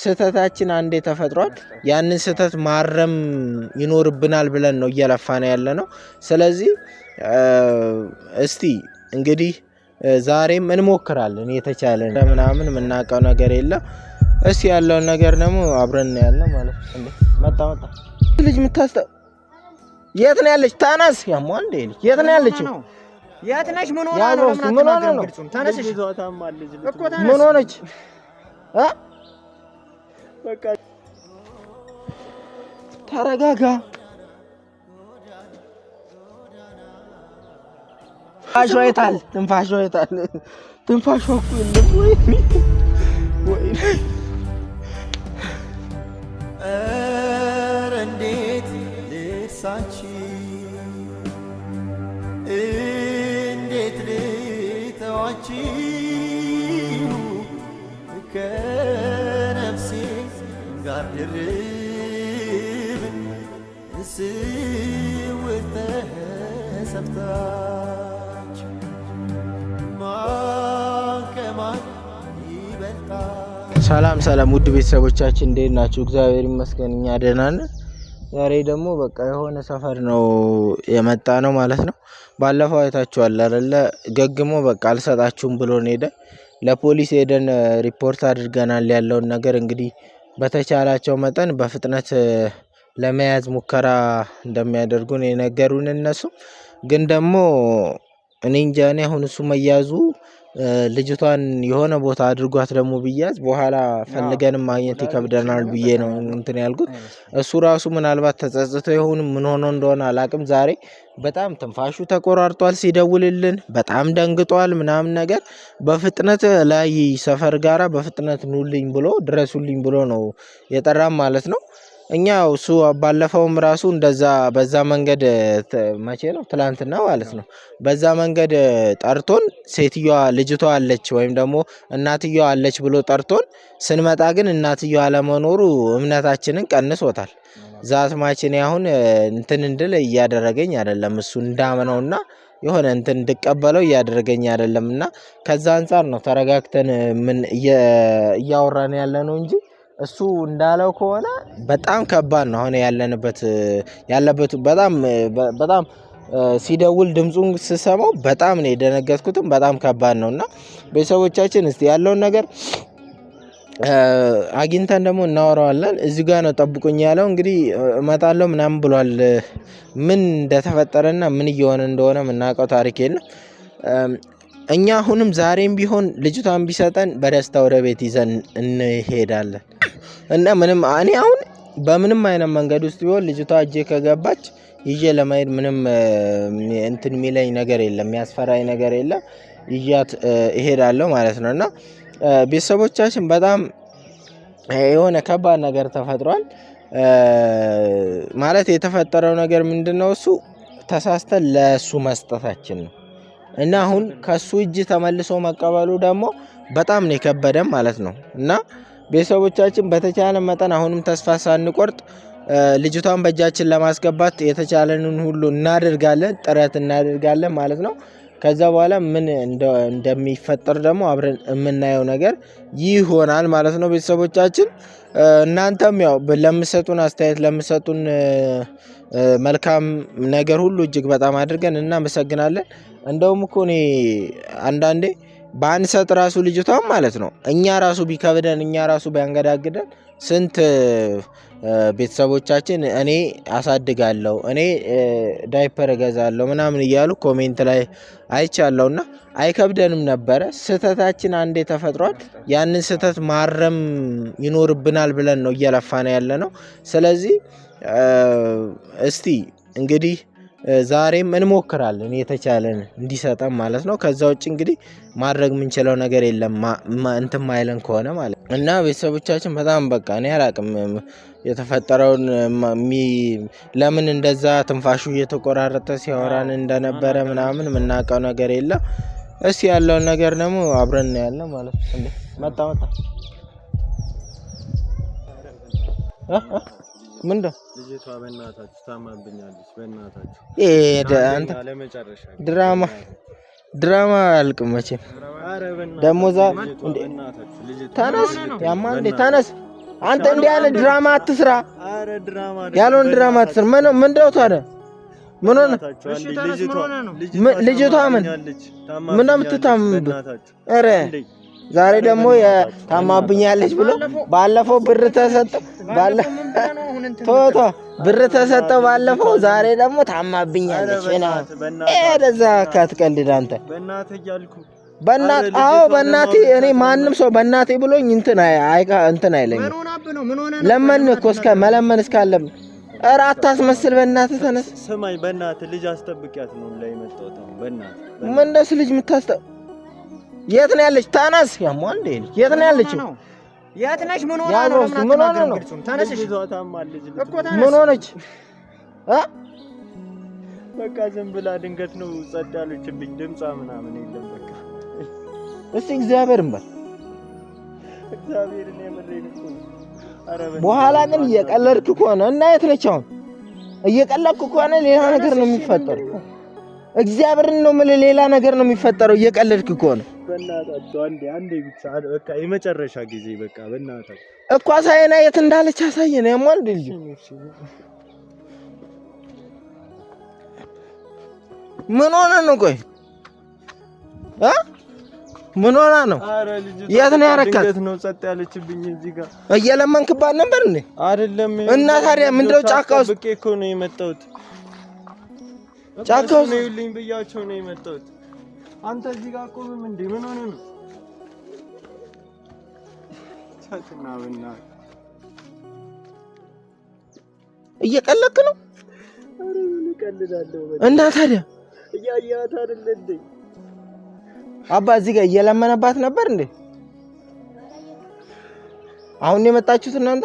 ስህተታችን አንዴ ተፈጥሯል። ያንን ስህተት ማረም ይኖርብናል ብለን ነው እየለፋ ነው ያለ ነው። ስለዚህ እስቲ እንግዲህ ዛሬም እንሞክራለን የተቻለን ምናምን የምናውቀው ነገር የለ። እስቲ ያለውን ነገር ደግሞ አብረን ያለ ማለት መጣ መጣ ልጅ የምታስተ የት ነው ያለች? ተነስ ያሟ እንደ ልጅ የት ነው ያለች? የት ነሽ? ምን ሆነ ነው? ምን ሆነ ነው? ተነስሽ እኮ ምን ሆነች? በቃ ተረጋጋ። ትንፋሿ እኮ የለም ወይ? ኧረ እንዴት ልርሳች? እንዴት ልተዋች? ሰላም ሰላም ውድ ቤተሰቦቻችን እንዴት ናችሁ? እግዚአብሔር ይመስገን እኛ ደህና ነን። ዛሬ ደግሞ በቃ የሆነ ሰፈር ነው የመጣ ነው ማለት ነው። ባለፈው አይታችኋል አይደለ? ገግሞ በቃ አልሰጣችሁም ብሎን ሄደ። ለፖሊስ ሄደን ሪፖርት አድርገናል። ያለውን ነገር እንግዲህ በተቻላቸው መጠን በፍጥነት ለመያዝ ሙከራ እንደሚያደርጉን የነገሩን እነሱ ግን ደግሞ እኔ እንጃ እኔ አሁን እሱ መያዙ ልጅቷን የሆነ ቦታ አድርጓት ደግሞ ብያዝ በኋላ ፈልገንም ማግኘት ይከብደናል ብዬ ነው እንትን ያልኩት። እሱ ራሱ ምናልባት ተጸጽቶ ይሁን ምን ሆኖ እንደሆነ አላቅም። ዛሬ በጣም ትንፋሹ ተቆራርጧል ሲደውልልን፣ በጣም ደንግጧል ምናምን ነገር በፍጥነት ላይ ሰፈር ጋራ በፍጥነት ኑልኝ ብሎ ድረሱልኝ ብሎ ነው የጠራም ማለት ነው። እኛ እሱ ባለፈውም ራሱ እንደዛ በዛ መንገድ መቼ ነው ትላንትና ማለት ነው። በዛ መንገድ ጠርቶን ሴትየዋ ልጅቷ አለች ወይም ደግሞ እናትየዋ አለች ብሎ ጠርቶን ስንመጣ ግን እናትዮዋ አለመኖሩ እምነታችንን ቀንሶታል። ዛት ማችን አሁን እንትን እንድል እያደረገኝ አይደለም እሱ እንዳምነውና የሆነ እንትን እንድቀበለው እያደረገኝ አይደለም እና ከዛ አንፃር ነው ተረጋግተን ምን እያወራን ያለ ነው እንጂ እሱ እንዳለው ከሆነ በጣም ከባድ ነው። አሁን ያለንበት ያለበት በጣም በጣም ሲደውል ድምፁን ስሰማው በጣም ነው የደነገጥኩትም። በጣም ከባድ ነው እና ቤተሰቦቻችን እስቲ ያለውን ነገር አግኝተን ደግሞ እናወራዋለን። እዚህ ጋር ነው ጠብቁኝ ያለው እንግዲህ እመጣለሁ ምናምን ብሏል። ምን እንደተፈጠረና ምን እየሆነ እንደሆነ የምናውቀው ታሪክ የለም። እኛ አሁንም ዛሬም ቢሆን ልጅቷን ቢሰጠን በደስታ ወደ ቤት ይዘን እንሄዳለን። እና ምንም እኔ አሁን በምንም አይነት መንገድ ውስጥ ቢሆን ልጅቷ እጄ ከገባች ይዤ ለመሄድ ምንም እንትን የሚለኝ ነገር የለም፣ የሚያስፈራኝ ነገር የለም። ይዣት እሄዳለሁ ማለት ነው እና ቤተሰቦቻችን በጣም የሆነ ከባድ ነገር ተፈጥሯል። ማለት የተፈጠረው ነገር ምንድን ነው? እሱ ተሳስተን ለእሱ መስጠታችን ነው እና አሁን ከእሱ እጅ ተመልሶ መቀበሉ ደግሞ በጣም ነው የከበደም ማለት ነው እና ቤተሰቦቻችን በተቻለ መጠን አሁንም ተስፋ ሳንቆርጥ ልጅቷን በእጃችን ለማስገባት የተቻለንን ሁሉ እናደርጋለን፣ ጥረት እናደርጋለን ማለት ነው። ከዛ በኋላ ምን እንደሚፈጠር ደግሞ አብረን የምናየው ነገር ይሆናል ማለት ነው። ቤተሰቦቻችን እናንተም ያው ለምሰጡን አስተያየት ለምሰጡን መልካም ነገር ሁሉ እጅግ በጣም አድርገን እናመሰግናለን። እንደውም እኮ እኔ አንዳንዴ ባንሰጥ ራሱ ልጅቷም ማለት ነው እኛ ራሱ ቢከብደን እኛ ራሱ ቢያንገዳግደን ስንት ቤተሰቦቻችን እኔ አሳድጋለሁ እኔ ዳይፐር እገዛለሁ ምናምን እያሉ ኮሜንት ላይ አይቻለሁ እና አይከብደንም ነበረ። ስህተታችን አንዴ ተፈጥሯል። ያንን ስህተት ማረም ይኖርብናል ብለን ነው እየለፋ ነው ያለ ነው። ስለዚህ እስቲ እንግዲህ ዛሬም እንሞክራለን የተቻለን እንዲሰጠን ማለት ነው። ከዛ ውጭ እንግዲህ ማድረግ የምንችለው ነገር የለም እንትን ማይለን ከሆነ ማለት ነው። እና ቤተሰቦቻችን በጣም በቃ እኔ አላቅም የተፈጠረውን ለምን እንደዛ ትንፋሹ እየተቆራረጠ ሲያወራን እንደነበረ ምናምን የምናውቀው ነገር የለም። እስ ያለውን ነገር ደግሞ አብረን ያለ ማለት ነው። መጣ መጣ ነው ልጅቷ በእናታችሁ ታማብኛለች። በእናታችሁ ድራማ ድራማ አያልቅም መቼም። ደግሞ እዛ ተነስ፣ ያማል እንዴ ተነስ። አንተ እንዲህ ያለ ድራማ አትስራ፣ ያለውን ድራማ አትስራ። ምን ምን ነው ታዲያ? ምን ሆነ ልጅቷ? ምን ምን ነው የምትታምብህ? ኧረ ዛሬ ደግሞ ታማብኛለች ብሎ ባለፈው ብር ተሰጠው ቶቶ ብር ተሰጠው ባለፈው። ዛሬ ደግሞ ታማብኛለች ምናምን ደዛ ካትቀልድ አንተ በእናት አዎ፣ በእናቴ እኔ ማንም ሰው በእናቴ ብሎኝ እንትን አይካ እንትን አይለኝ። ለመን እኮ እስከ መለመን እስካለም ኧረ አታስመስል፣ በእናትህ ተነስ። ስማኝ፣ በእናት ልጅ አስጠብቂያት ነው ላይ መጣው። በእናት ምን ደስ ልጅ ምታስጠብ የት ነው ያለች? ተነስ። ያማ እንደ የት ነው ያለች? የት ነሽ? ምን ሆና ነው? ምን ሆነ ነው? ተነስ ምን ሆነች? አ በቃ ዝም ብላ ድንገት ነው ጸዳለችብኝ። ድምጻ ምናምን የለም። በቃ እስቲ እግዚአብሔርን በል እግዚአብሔርን የምልህ በኋላ ግን እየቀለድክ ከሆነ እና የት ነች አሁን? እየቀለድክ ከሆነ ሌላ ነገር ነው የሚፈጠረው። እግዚአብሔርን ነው የምልህ ሌላ ነገር ነው የሚፈጠረው እየቀለድክ ከሆነ በእናታቸው አንዴ አንዴ ብቻ በቃ የመጨረሻ ጊዜ በቃ በእናታቸው እኮ አሳየና የት እንዳለች አሳየና። ያማ ምን ሆነ ነው? ቆይ ምን ሆና ነው? የት ነው ያረካት? ነው ጸጥ ያለችብኝ። እዚህ ጋር እየለመንክባት ነበር እንዴ? አይደለም። እና ታዲያ ምንድነው ጫካ ውስጥ ብቄ እኮ ነው የመጣሁት። ጫካ ውስጥ ነው ይልኝ ብያቸው ነው የመጣሁት አንተ እዚህ ጋር ቆምም እንዴ? ምን ሆነ ነው? ቻትና ብና እየቀለክ ነው? አረ ምን እቀልዳለሁ። እና ታዲያ እያያት አይደል እንዴ? አባ እዚህ ጋር እየለመነባት ነበር እንዴ? አሁን የመጣችሁት እናንተ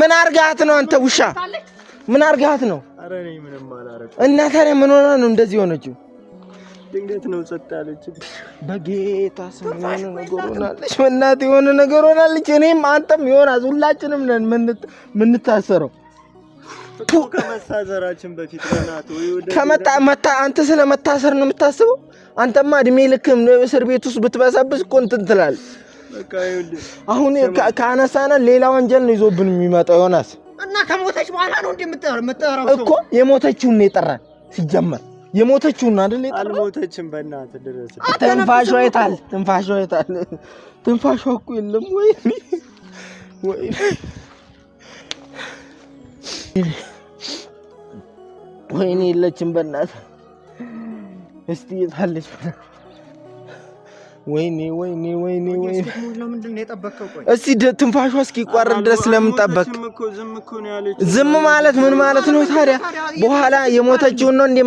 ምን አርጋት ነው አንተ ውሻ? ምን አርጋት ነው? እና ታዲያ ምን ሆና ነው እንደዚህ የሆነችው? ድንገት ነው ጸጥ በጌታ ስም የሆነ ነገር ሆናለች። በእናትህ የሆነ ነገር ሆናለች። እኔም አንተም ይሆናል ሁላችንም ነን የምንታሰረው። ከመታሰራችን በፊት ከመጣ መታ አንተ ስለ መታሰር ነው የምታስበው? አንተማ እድሜ ልክም እስር ቤት ውስጥ ብትበሰብስ እኮ እንትን ትላለህ አሁን ከአነሳነ ሌላ ወንጀል ነው ይዞብን የሚመጣው ዮናስ። እና ከሞተች በኋላ ነው እንደምትጠራው እኮ የሞተችውን ነው የጠራን ሲጀመር የሞተችውን አይደል? የጠራ። አልሞተችም። በእናትህ ድረስ ትንፋሿ የታል? ትንፋሿ የታል? ትንፋሿ እኮ የለም። ወይ ወይ ወይኔ የለችም። በእናትህ እስቲ የታለች? ወይኔ ወይኔ ወይኔ እስኪ ትንፋሿ እስኪቋረጥ ድረስ ለምን ጠበቅ? ዝም ማለት ምን ማለት ነው ታዲያ? በኋላ የሞተችውን ነው እንደ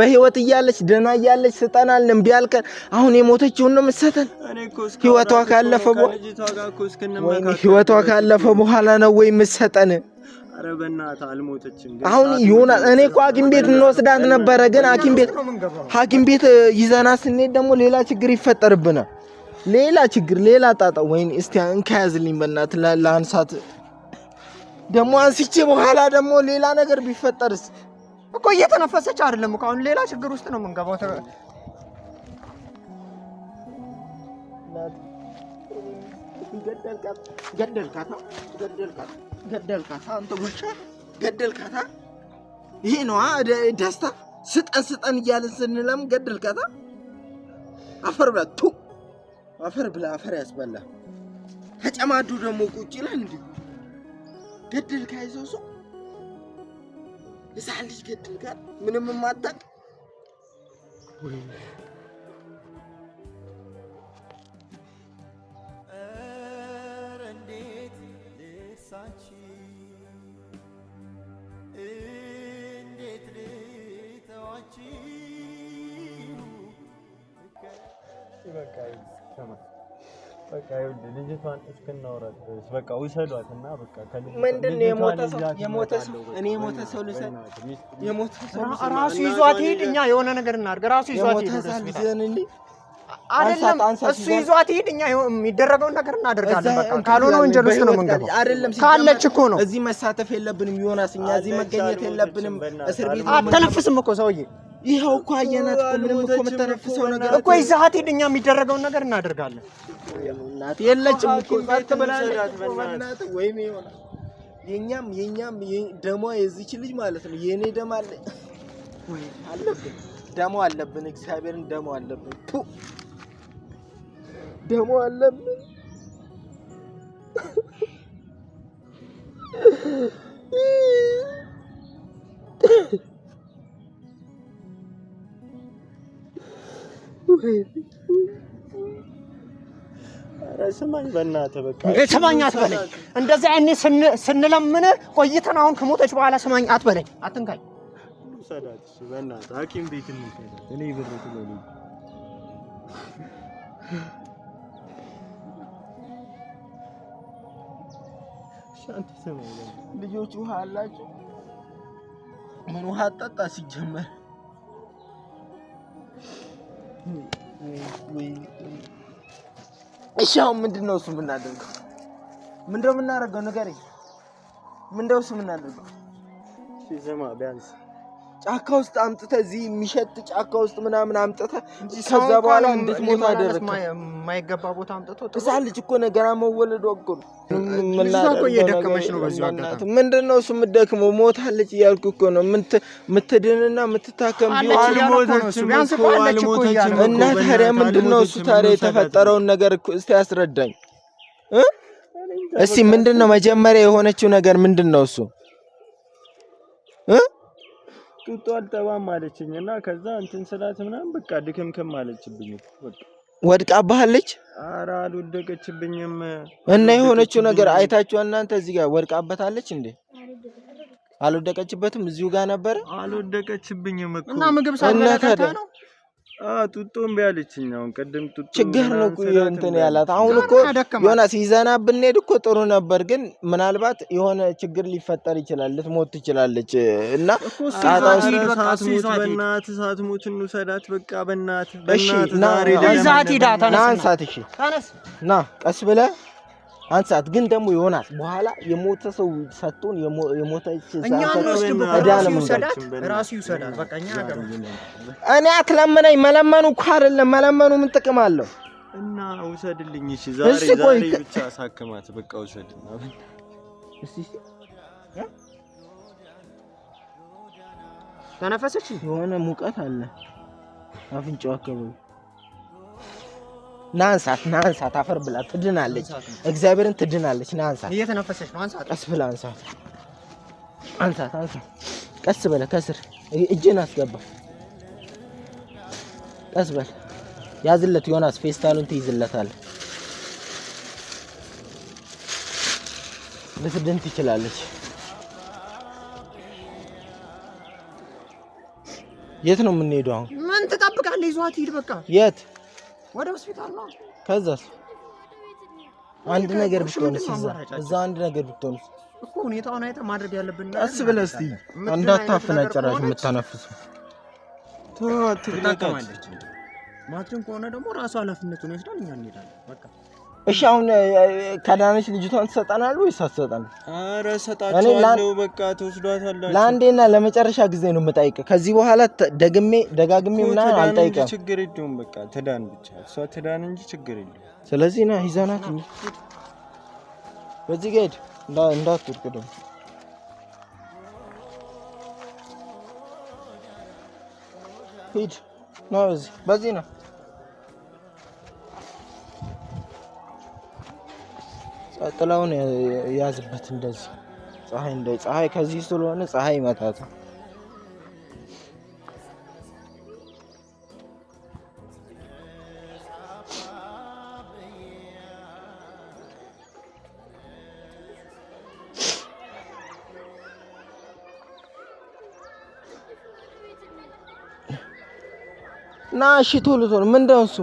በህይወት እያለች ደህና እያለች ስጠናል እምቢ አልከን። አሁን የሞተችውን ነው የምትሰጠን? ህይወቷ ካለፈ በኋላ ነው ወይ የምትሰጠን? ኧረ በእናትህ አልሞተችም። አሁን ይሆናል። እኔ እኮ ሐኪም ቤት እንወስዳት ነበረ፣ ግን ሐኪም ቤት ሐኪም ቤት ይዘና ስንሄድ ደግሞ ሌላ ችግር ይፈጠርብናል። ሌላ ችግር፣ ሌላ ጣጣ። ወይኔ እስቲ እንከያዝልኝ በእናትህ ለአንሳት ደግሞ አንስቼ በኋላ ደግሞ ሌላ ነገር ቢፈጠርስ? እኮ እየተነፈሰች አይደለም እኮ አሁን ሌላ ችግር ውስጥ ነው የምንገባው። ገደልካት ካታ ገደልካት ገደልካታ አንተ ውሻ ይሄ ነዋ ደስታ። ስጠን ስጠን እያለን ስንለም ካታ አፈር ብላ ቱ አፈር ብላ አፈር ያስበላ። ተጨማዱ ደግሞ ቁጭ ይላል እንዴ ገድል ካይዘው ሰው እዛ ልጅ ገድል ጋር ምንም ማታቅ ባንቺ እንዴት ልተዋችሁ? በቃ ይኸውልህ ልጅቷን እስክናወራት ድረስ በቃ ውሰዷት እና በቃ ምንድን ነው የሞተ ሰው የሞተ ሰው እኔ የሞተ ሰው ልውሰድ የሞተ ሰው ራሱ ይዟት ሂድ። እኛ የሆነ ነገር እናድርግ። ራሱ ይዟት ሂድ። አይደለም እሱ ይዟት ይሄድ፣ እኛ የሚደረገውን ነገር እናደርጋለን። በቃ ካልሆነ ወንጀል ውስጥ ነው የምንገባው። አይደለም ካለች እኮ ነው እዚህ መሳተፍ የለብንም። ዮናስ፣ እኛ እዚህ መገኘት የለብንም። እስር ቤት አተነፍስም እኮ ሰውዬ። ይኸው እኮ አየናት እኮ ምንም እኮ የምተነፍሰው ነገር እኮ ይዘሀት ሂድ፣ እኛ የሚደረገውን ነገር እናደርጋለን። የለችም እኮ ወይም ሆና የኛም የኛም ደሟ የዚች ልጅ ማለት ነው የእኔ ደም አለ አለብን፣ ደሞ አለብን፣ እግዚአብሔርን ደሞ አለብን። ደሞ አለብን። ስማኝ በእናትህ በቃ ስማኝ አትበለኝ። እንደዚህ ስንለምን ቆይተን አሁን ከሞተች በኋላ ስማኝ አትበለኝ፣ አትንካኝ። ሐኪም ቤት እኔ ብር ልጆች ውሃ አላቸው። ምን ውሃ አጠጣ ሲጀመር እሺ አሁን ምንድን ነው እሱ የምናደርገው? ምንድነው የምናደርገው? ንገረኝ። ምንድነው እሱ የምናደርገው? ቢያንስ ጫካ ውስጥ አምጥተህ እዚህ የሚሸጥ ጫካ ውስጥ ምናምን አምጥተህ ከዛ በኋላ እንዴት ሞት አደረግህ? የማይገባ ቦታ አምጥቶ እዛ ልጅ እኮ ነገራ መወለድ ወቅ ነው። ምንድን ነው እሱ የምትደክመው? ሞታለች እያልኩ እኮ ነው ምትድንና ምትታከም እና ታዲያ ምንድን ነው እሱ ታዲያ የተፈጠረውን ነገር እስቲ ያስረዳኝ እስቲ። ምንድን ነው መጀመሪያ የሆነችው ነገር ምንድን ነው እሱ ጡጦ አልጠባም አለችኝ እና ከዛ እንትን ስላት ምናምን በቃ ድክምክም አለችብኝ። ወድቃባሃለች? ኧረ አልወደቀችብኝም። እና የሆነችው ነገር አይታችሁ እናንተ እዚህ ጋር ወድቃበታለች እንዴ? አልወደቀችበትም። እዚሁ ጋር ነበረ። አልወደቀችብኝም እኮ እና ምግብ ሳልበላ ነው ጡጦም ቢያለችኝ አሁን ቅድም ጡጦ ችግር ነው እኮ እንትን ያላት። አሁን እኮ የሆነ ሲዘና ብንሄድ እኮ ጥሩ ነበር፣ ግን ምናልባት የሆነ ችግር ሊፈጠር ይችላል፣ ልትሞት ትችላለች እና ሳትሞት እንውሰዳት። በቃ ዛሬ ዛት ሂዳ ና ቀስ ብለህ አንድ ሰዓት ግን ደግሞ ይሆናል። በኋላ የሞተ ሰው ሰጡን የሞተች እኔ መለመኑ እኮ አይደለም መለመኑ ምን ጥቅም አለው? እና ውሰድልኝ። እሺ ዛሬ ዛሬ ብቻ በቃ ውሰድ። ተነፈሰች። የሆነ ሙቀት አለ አፍንጫው አካባቢ ናንሳት ናንሳት፣ አፈር ብላ ትድናለች። እግዚአብሔርን ትድናለች። ናንሳት፣ እየተነፈሰች ነው። አንሳት። ቀስ ብላ አንሳት። አንሳት፣ አንሳት። ቀስ በለ። ከስር እጅን አስገባ። ቀስ በለ። ያዝለት። ዮናስ ፌስታሉን ትይዝለታል። ልትድን ትችላለች። የት ነው የምንሄደው አሁን? ምን ትጠብቃለህ? ይዟት ሂድ። በቃ የት ወደ ሆስፒታል ነው። ከዛስ አንድ ነገር ብትሆንስ? እዛ አንድ ነገር ብትሆንስ እኮ ሁኔታውን አይተህ ማድረግ ያለብን ቀስ ብለህ እስኪ እንዳታፍና ጭራሽ የምታነፍሱ ትጠቀማለች። ማችን ከሆነ ደግሞ ራሱ ኃላፊነቱን ይወስዳል። እኛ እንሄዳለን በቃ እሺ አሁን ከዳነች ልጅቷን ትሰጠናለህ ወይስ አትሰጠንም? ኧረ እሰጣቸዋለሁ። በቃ ትወስዷታላችሁ። ለአንዴና ለመጨረሻ ጊዜ ነው የምጠይቅህ። ከዚህ በኋላ ደግሜ ደጋግሜ ምናምን አልጠይቅም። ችግር የለውም በቃ ትዳን ብቻ እሷ ትዳን እንጂ ችግር የለውም። ስለዚህ ና ይዘናት እንጂ በዚህ ጌድ እንዳትወድቅ ደግሞ ሂድ ነው በዚህ ነው ጥላውን ያዝበት እንደዚህ ፀሐይ እንደ ፀሐይ ከዚህ ስለሆነ ፀሐይ ይመታታል። ና እሺ ቶሎ ቶሎ ምንድን ነው እሱ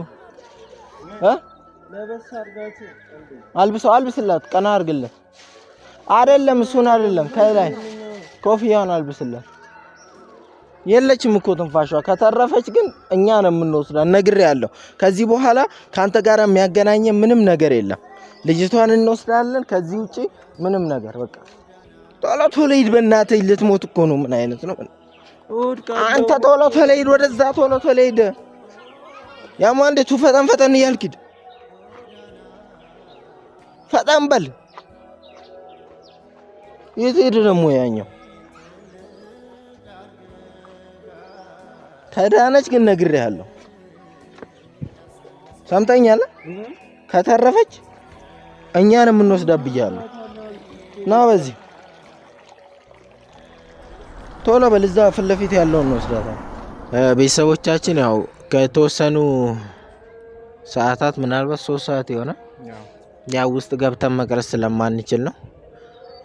እ አልብሰው አልብስላት፣ ቀና አድርግለት። አይደለም እሱን አይደለም፣ ከላይ ኮፍያውን አልብስላት። የለችም እኮ ትንፋሿ። ከተረፈች ግን እኛ ነው የምንወስዳት። ነግሬያለሁ። ከዚህ በኋላ ከአንተ ጋር የሚያገናኘ ምንም ነገር የለም። ልጅቷን እንወስዳለን። ከዚህ ውጪ ምንም ነገር በቃ ቶሎ ቶሎ ሂድ፣ በእናትህ ልትሞት እኮ ነው። ምን አይነት ነው አንተ? ቶሎ ቶሎ ሂድ፣ ወደዛ ቶሎ ቶሎ ሂድ። ያማ እንዴ ቱ ፈጠን ፈጠን እያልክ ሂድ ፈጠን በል። የት ሄደ ደግሞ ያኛው? ከዳነች ግን ነግሬሃለሁ። ሰምተኛል። ከተረፈች እኛን የምንወስዳት ብያለሁ። ና በዚህ ቶሎ በል። እዛ ፊት ለፊት ያለውን እንወስዳታለን። ቤተሰቦቻችን ያው ከተወሰኑ ሰዓታት ምናልባት ሶስት ሰዓት ይሆናል ያ ውስጥ ገብተን መቅረጽ ስለማንችል ነው።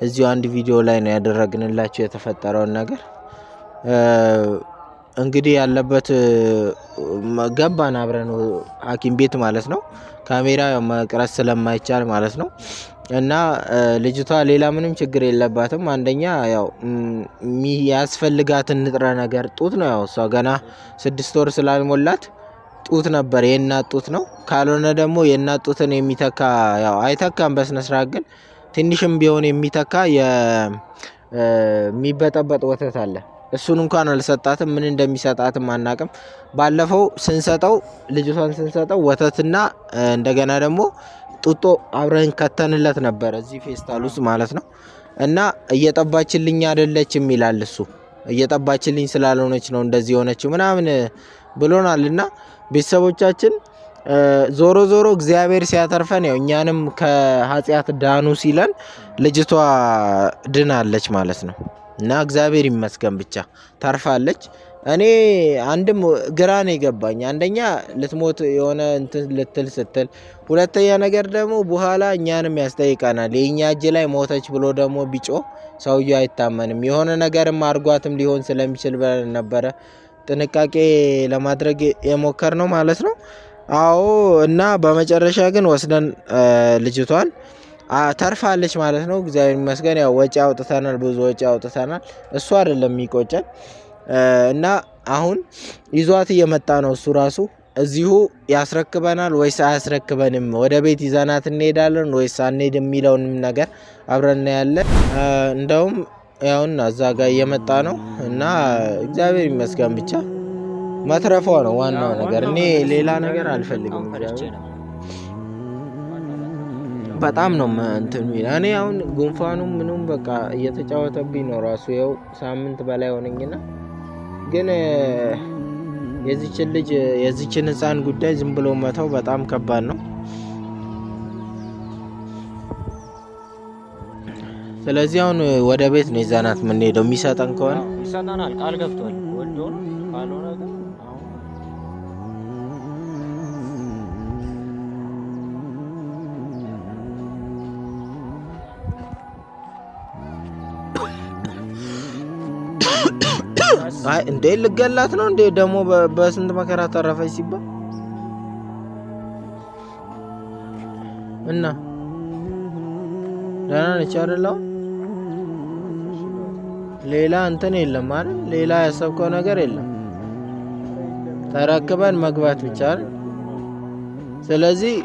እዚሁ አንድ ቪዲዮ ላይ ነው ያደረግንላቸው የተፈጠረውን ነገር። እንግዲህ ያለበት ገባን አብረን ሐኪም ቤት ማለት ነው። ካሜራ መቅረጽ ስለማይቻል ማለት ነው። እና ልጅቷ ሌላ ምንም ችግር የለባትም። አንደኛ ያው ያስፈልጋትን ንጥረ ነገር ጡት ነው። ያው እሷ ገና ስድስት ወር ስላልሞላት ጡት ነበር የእናት ጡት ነው። ካልሆነ ደግሞ የእናት ጡትን የሚተካ ያው አይተካም በስነ ግን ትንሽም ቢሆን የሚተካ የሚበጠበጥ ወተት አለ። እሱን እንኳን አልሰጣትም። ምን እንደሚሰጣትም አናቅም። ባለፈው ስንሰጠው ልጅቷን ስንሰጠው ወተትና እንደገና ደግሞ ጡጦ አብረን ከተንለት ነበር እዚህ ፌስታል ውስጥ ማለት ነው። እና እየጠባችልኝ አይደለችም ይላል እሱ። እየጠባችልኝ ስላልሆነች ነው እንደዚህ የሆነችው ምናምን ብሎናልና ቤተሰቦቻችን ዞሮ ዞሮ እግዚአብሔር ሲያተርፈን ያው እኛንም ከኃጢአት ዳኑ ሲለን ልጅቷ ድናለች ማለት ነው። እና እግዚአብሔር ይመስገን ብቻ ታርፋለች። እኔ አንድም ግራ ነው የገባኝ። አንደኛ ልትሞት የሆነ እንትን ልትል ስትል፣ ሁለተኛ ነገር ደግሞ በኋላ እኛንም ያስጠይቀናል። የእኛ እጅ ላይ ሞተች ብሎ ደግሞ ቢጮ ሰውዬው አይታመንም። የሆነ ነገርም አድርጓትም ሊሆን ስለሚችል ብለን ነበረ ጥንቃቄ ለማድረግ የሞከር ነው ማለት ነው። አዎ እና በመጨረሻ ግን ወስደን ልጅቷን ተርፋለች ማለት ነው። እግዚአብሔር ይመስገን። ያው ወጪ አውጥተናል፣ ብዙ ወጪ አውጥተናል። እሱ አይደለም የሚቆጨን እና አሁን ይዟት እየመጣ ነው እሱ ራሱ እዚሁ ያስረክበናል ወይስ አያስረክበንም፣ ወደ ቤት ይዘናት እንሄዳለን ወይስ አንሄድ የሚለውንም ነገር አብረን ያለን እንደውም ያውና እዛ ጋር እየመጣ ነው እና እግዚአብሔር ይመስገን ብቻ መትረፏ ነው ዋናው ነገር። እኔ ሌላ ነገር አልፈልግም። በጣም ነው እንትኑ እኔ አሁን ጉንፋኑ ምኑም በቃ እየተጫወተብኝ ነው ራሱ ው ሳምንት በላይ ሆነኝና ግን የዚችን ልጅ የዚችን ህፃን ጉዳይ ዝም ብሎ መተው በጣም ከባድ ነው። ስለዚህ አሁን ወደ ቤት ነው የዛናት የምንሄደው። የሚሰጠን ከሆነ ይሰጠናል፣ ቃል ገብቷል። ወዶን ካልሆነ ግን አይ እንዴ ልገላት ነው እንዴ? ደግሞ በስንት መከራ ተረፈች ሲባል እና ደህና ነች አይደል? ሌላ እንትን የለም አይደል? ሌላ ያሰብከው ነገር የለም። ተረክበን መግባት ብቻ አይደል? ስለዚህ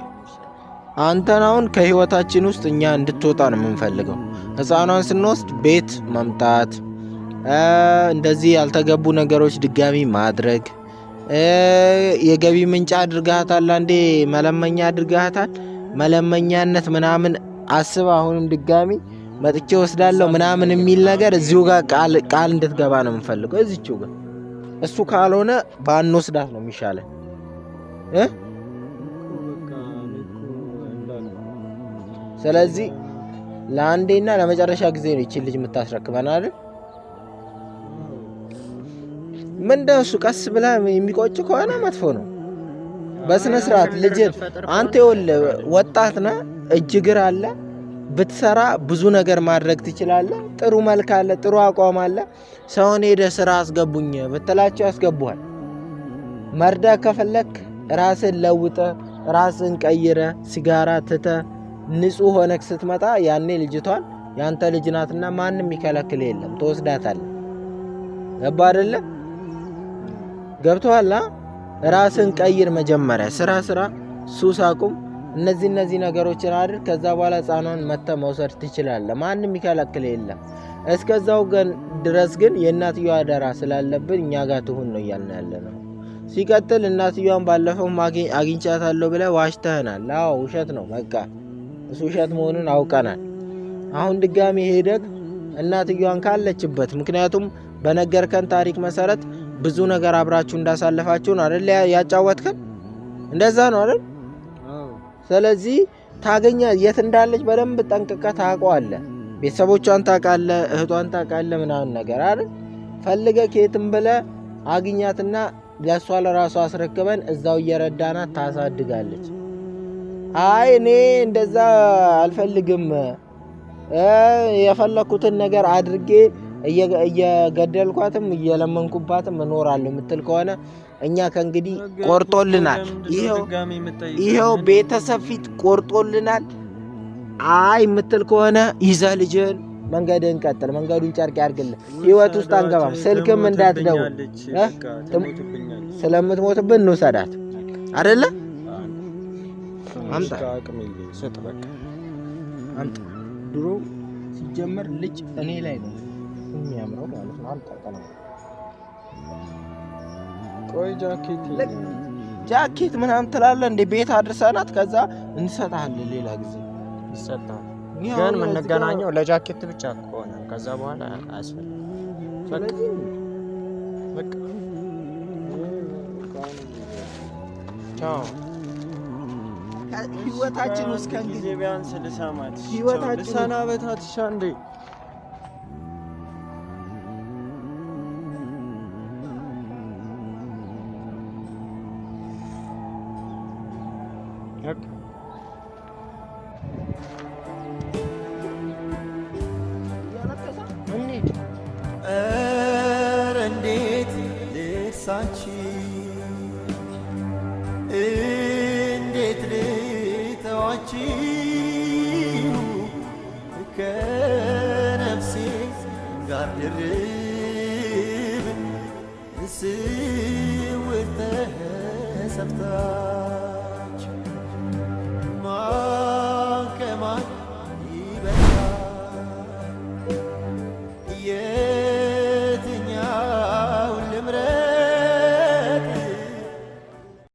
አንተን አሁን ከህይወታችን ውስጥ እኛ እንድትወጣ ነው የምንፈልገው። ህፃኗን ስንወስድ ቤት መምጣት፣ እንደዚህ ያልተገቡ ነገሮች ድጋሚ ማድረግ፣ የገቢ ምንጭ አድርጋታል፣ አንዴ መለመኛ አድርጋታል። መለመኛነት ምናምን አስብ አሁንም ድጋሚ መጥቼ ወስዳለሁ ምናምን የሚል ነገር እዚሁ ጋር ቃል እንድትገባ ነው የምንፈልገው። እዚችው ጋር እሱ ካልሆነ ባንወስዳት ነው የሚሻለን። ስለዚህ ለአንዴና ለመጨረሻ ጊዜ ነው ይችን ልጅ የምታስረክበን አይደል? ምንድነው እሱ ቀስ ብላ የሚቆጭ ከሆነ መጥፎ ነው። በስነ ስርዓት ልጅ አንተ ይኸውልህ፣ ወጣት ነህ፣ እጅ እግር አለ ብትሰራ ብዙ ነገር ማድረግ ትችላለ ጥሩ መልክ አለ፣ ጥሩ አቋም አለ። ሰውን ሄደ ስራ አስገቡኝ ብትላቸው ያስገቡሃል። መርዳ ከፈለክ ራስን ለውጠ፣ ራስን ቀይረ፣ ሲጋራ ትተ፣ ንጹህ ሆነክ ስትመጣ ያኔ ልጅቷን ያንተ ልጅ ናትና ማንም የሚከለክል የለም። ትወስዳታለ? ገባ አደለ? ገብቶሃል? ራስን ቀይር። መጀመሪያ ስራ ስራ፣ ሱስ አቁም። እነዚህ እነዚህ ነገሮችን አድርግ። ከዛ በኋላ ህፃኗን መተ መውሰድ ትችላለህ። ማንም የሚከለክል የለም። እስከዛው ድረስ ግን የእናትዮ አደራ ስላለብን እኛ ጋር ትሁን ነው እያልን ያለ ነው። ሲቀጥል እናትዮን ባለፈው አግኝቻታለሁ ብለህ ዋሽተህናል። አዎ ውሸት ነው። በቃ እሱ ውሸት መሆኑን አውቀናል። አሁን ድጋሚ ሄደህ እናትዮዋን ካለችበት ምክንያቱም በነገርከን ታሪክ መሰረት ብዙ ነገር አብራችሁ እንዳሳለፋችሁን አይደል ያጫወትከን? እንደዛ ነው አደል ስለዚህ ታገኛ የት እንዳለች በደንብ ጠንቅቀ ታቋለ ቤተሰቦቿን ታቃለ እህቷን ታቃለ ምናምን ነገር አይደል? ፈልገ ከየትም ብለ አግኛትና ለእሷ ለራሷ አስረክበን እዛው እየረዳናት ታሳድጋለች። አይ እኔ እንደዛ አልፈልግም፣ የፈለኩትን ነገር አድርጌ እየገደልኳትም እየለመንኩባትም እኖራለሁ የምትል ከሆነ እኛ ከእንግዲህ ቆርጦልናል። ይኸው ቤተሰብ ፊት ቆርጦልናል። አይ የምትል ከሆነ ይዘህ ልጅህን መንገድህን ቀጥል። መንገዱን ጨርቅ ያርግልህ። ህይወት ውስጥ አንገባም። ስልክም እንዳትደውል ስለምትሞትብን እንውሰዳት አደለ? አምጣ ስጥ፣ በቃ አምጣ። ድሮ ሲጀመር ልጅ እኔ ላይ ነው የሚያምረው ማለት ነው። አምጣ ጃኬት ምናምን ትላለህ እንደ ቤት አድርሰናት ከዛ እንሰጣለን። ሌላ ጊዜ ይሰጣል፣ ግን የምንገናኘው ለጃኬት ብቻ ከሆነ ከዛ በኋላ አያስፈልግም። ህይወታችን ውስጥ ቢያንስ ልሰማት ህይወታችን እንዴ kaynak. እንዴት ኧረ እንዴት ልርሳችሁ